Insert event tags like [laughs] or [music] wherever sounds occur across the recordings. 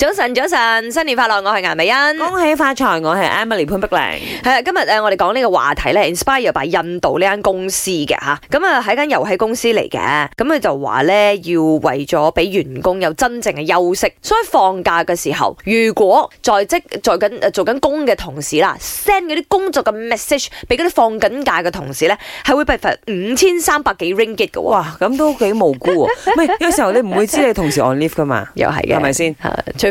早晨，早晨，新年快樂！我係顏美欣，恭喜發財！我係 Emily 潘碧玲。係啊，今日誒，我哋講呢個話題咧，inspire by 印度呢間公司嘅吓，咁啊喺一間遊戲公司嚟嘅，咁佢就話咧要為咗俾員工有真正嘅休息，所以放假嘅時候，如果在職在緊誒做緊工嘅同事啦，send 嗰啲工作嘅 message 俾嗰啲放緊假嘅同事咧，係會被罰五千三百幾 ringgit 嘅。哇，咁都幾無辜，唔係有時候你唔會知你同事 on leave 噶嘛？又係嘅，係咪先？.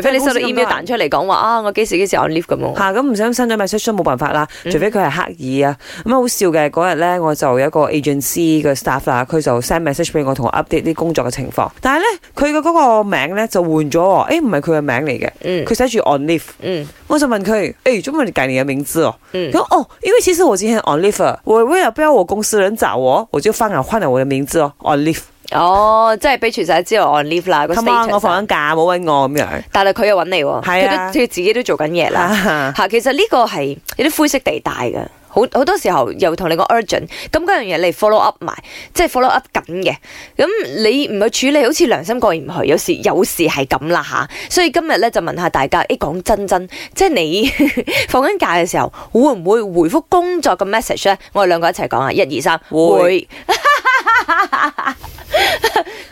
除非你收到 email 彈出嚟講話啊，我幾時幾時 on leave 咁咯吓，咁唔使咁新咗 message 都冇辦法啦。除非佢係刻意啊，咁、嗯、啊、嗯嗯、好笑嘅。嗰日咧我就有一個 agency 嘅 staff 啦，佢就 send message 俾我同我 update 啲工作嘅情況。但係咧佢嘅嗰個名咧就換咗，誒唔係佢嘅名嚟嘅，佢寫住 on leave、嗯。嗯、我就問佢：欸「可以？誒，做乜你嘅名字哦？嗯，講哦，因為其實我今天 on leave，啊。」我為了不要我公司人找我，我就翻嚟換了我的名字哦，on leave。哦，即係俾全世知道 on leave 啦。我放緊假，唔好揾我咁樣。但係佢又揾你，佢 Yeah. 都自己都做緊嘢啦。吓， [laughs] 其實呢個係有啲灰色地帶噶，好好多時候又同你講 urgent，咁嗰樣嘢你 follow up 埋 fo，即係 follow up 緊嘅。咁你唔去處理，好似良心過意唔去。有時有時係咁啦吓、啊，所以今日咧就問下大家，誒、欸、講真真，即係你 [laughs] 放緊假嘅時候，會唔會回覆工作嘅 message 咧？我哋兩個一齊講啊，一二三，會。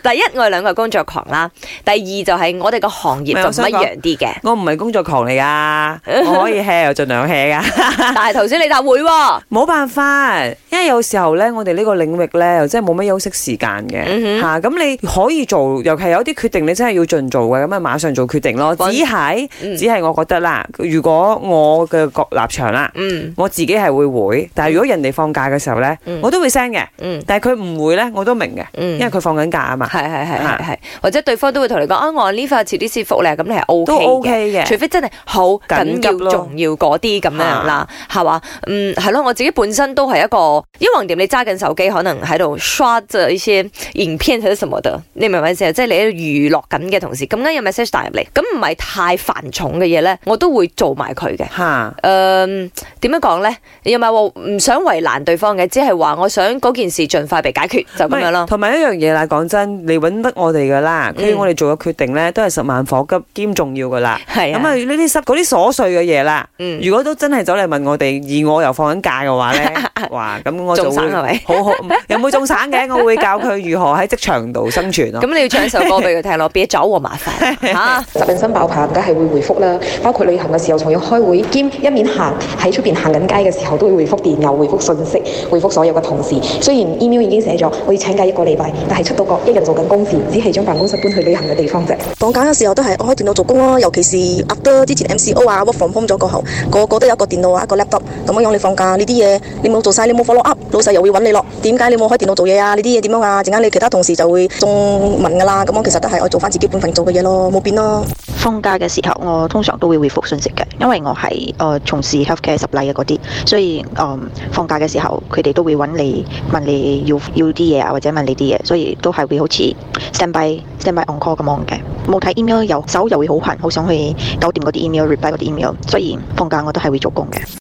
第一，我哋兩個工作狂啦，第二就係我哋個行業就一樣啲嘅。我唔係工作狂嚟噶，我可以 hea 又盡量 hea 噶。但係頭先你答會，冇辦法，因為有時候咧，我哋呢個領域咧又真係冇乜休息時間嘅。吓咁你可以做，尤其有啲決定你真係要盡做嘅，咁啊馬上做決定咯。只係只係我覺得啦，如果我嘅立立場啦，我自己係會會，但係如果人哋放假嘅時候咧，我都會 send 嘅。但係佢唔會咧，我都明嘅。因為佢放緊假啊嘛，係係係係係，或者對方都會同你講啊，我呢份遲啲先覆你，OK，咁你係 O K 嘅，除非真係好緊急重要嗰啲咁樣啦，係嘛，嗯，係咯，我自己本身都係一個，因為橫掂你揸緊手機，可能喺度刷咗一些影片或者什麼的，你明唔明先啊？即、就、係、是、你喺度娛樂緊嘅同時，咁啱有 message 彈入嚟，咁唔係太繁重嘅嘢咧，我都會做埋佢嘅，啊、嗯，點樣講咧？又唔係唔想為難對方嘅，只係話我想嗰件事盡快被解決，就咁樣咯，同埋一樣。嘢啦，講真，你揾得我哋噶啦。跟住我哋做嘅決定咧，都係十萬火急兼重要噶啦。係、嗯。咁啊，呢啲濕嗰啲瑣碎嘅嘢啦。嗯。如果都真係走嚟問我哋，而我又放緊假嘅話咧， [laughs] 哇！咁我就會中 [laughs] 好好又唔會縱嘅，有冇 [laughs] 我會教佢如何喺職場度生存啊。咁你要唱一首歌俾佢聽咯， [laughs] 別走我麻煩嚇。責任心爆棚，梗係會回覆啦。包括旅行嘅時候，仲要開會，兼一面行喺出邊行緊街嘅時候，都會回覆電郵、回覆信息、回覆所有嘅同事。雖然 email 已經寫咗，我要請假一個禮拜。但係出到國，一日做緊工時，只係將辦公室搬去旅行嘅地方啫。放假嘅時候都係我開電腦做工咯，尤其是 up 多之前 MCO 啊，work from home 咗過後，個個都有一個電腦啊，一個 laptop，咁樣樣你放假呢啲嘢，你冇做晒，你冇 follow up，老細又會揾你咯。點解你冇開電腦做嘢啊？呢啲嘢點樣啊？陣間你其他同事就會中文噶啦。咁樣我其實都係我做翻自己本份做嘅嘢咯，冇變咯。放假嘅時候，我通常都會回覆信息嘅，因為我係誒從事 healthcare supply 嘅嗰啲，所以誒、呃、放假嘅時候，佢哋都會揾你問你要要啲嘢啊，或者問你啲嘢，所以都係會好似 standby，standby on call 咁樣嘅。冇睇 email 手又會好痕，好想去搞掂嗰啲 email，reply 嗰啲 email。所以放假我都係會做工嘅。